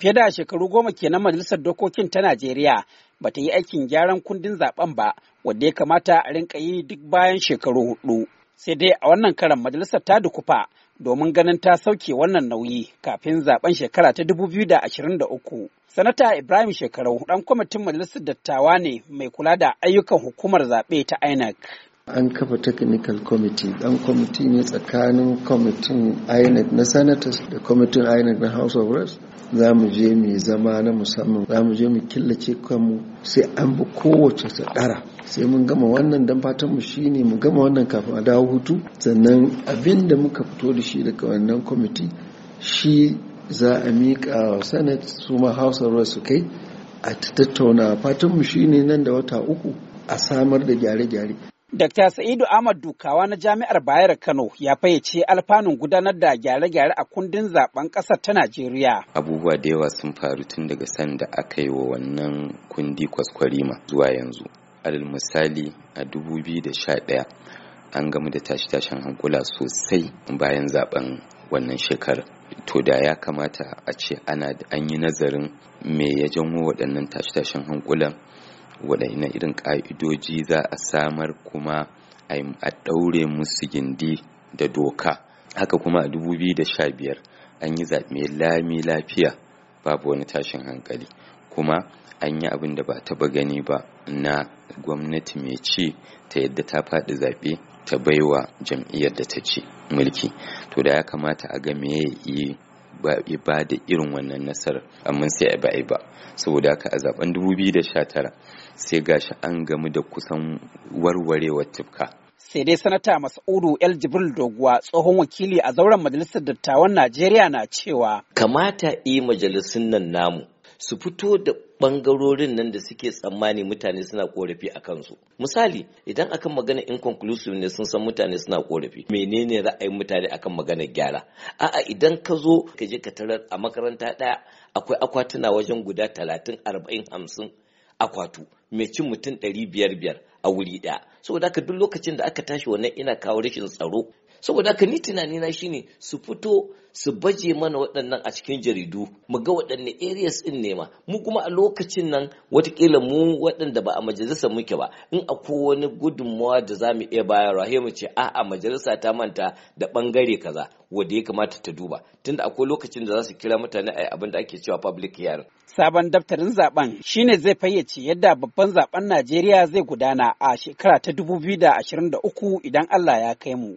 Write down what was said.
Fiye da shekaru goma kenan Majalisar Dokokin ta Najeriya ba ta yi aikin gyaran kundin zaben ba, wanda ya kamata a rinka yi duk bayan shekaru hudu. Sai dai a wannan karan majalisar ta dukufa domin ganin ta sauke wannan nauyi kafin zaben shekara ta 2023. Sanata Ibrahim Shekarau ɗan kwamitin majalisar dattawa ne mai kula da ayyukan hukumar zaɓe ta INEC. an kafa technical committee dan kwamiti ne tsakanin kwamitin inec na senators da kwamitin inec na house of reps za mu je mu zama na musamman za mu je mu killace kanmu sai an bi kowace sadara sai mun gama wannan dan fatan mu shine mu gama wannan kafin a dawo hutu sannan abin da muka fito da shi daga wannan kwamiti shi za a miƙa wa senate su ma house of reps su kai a tattauna fatan mu shine nan da wata uku a samar da gyare-gyare Dr. Sa'idu Ahmad Dukawa na Jami'ar Bayar Kano ya fayyace alfanun gudanar da gyare-gyare a kundin zaben ƙasar ta Najeriya. Abubuwa da yawa sun faru tun daga sanda aka yi wa wannan kundi kwaskwarima zuwa yanzu. Alal misali a 2011 an gamu da tashi-tashin hankula sosai bayan zaben wannan shekarar. To da ya kamata a ce ana an yi nazarin me ya janwo waɗannan tashi tashen hankulan Waɗanne irin ƙa'idoji za a samar kuma a ɗaure musu gindi da doka haka kuma a 2015 an yi zaɓe lami lafiya babu wani tashin hankali kuma an yi abin da ba taɓa gani ba na gwamnati mai ci ta yadda ta faɗi zaɓe ta baiwa jam'iyyar da ta ci mulki to da ya kamata a ga yi. ba ba da irin wannan nasarar amma sai a ba'i ba saboda haka a zaben 2019 sai gashi an gamu da kusan warwarewa tufka. sai dai sanata mas'udu el jibril doguwa tsohon wakili a zauren majalisar dattawan najeriya na cewa kamata i majalisun nan namu su fito da bangarorin nan da suke tsammani mutane suna korafi a kansu misali idan akan magana inconclusive ne sun san mutane suna korafi menene ra'ayin mutane akan magana gyara a'a idan ka zo ka je ka tarar a makaranta ɗaya akwai akwatuna wajen guda talatin arba'in hamsin akwatu mai cin mutum ɗari biyar biyar a wuri ɗaya saboda haka duk lokacin da aka tashi wannan ina kawo rashin tsaro saboda haka ni tunani na shine su fito su baje mana waɗannan a cikin jaridu mu ga waɗanne areas din nema, mu kuma a lokacin nan watakila mu waɗanda ba a majalisa muke ba in akwai wani gudunmawa da za mu iya bayarwa he mu ce a'a majalisa ta manta da ɓangare kaza wanda ya kamata ta duba tunda akwai lokacin da za su kira mutane a abin da ake cewa public hearing. Sabon daftarin zaben shine zai fayyace yadda babban zaben Najeriya zai gudana a shekara ta 2023 idan Allah ya kai mu.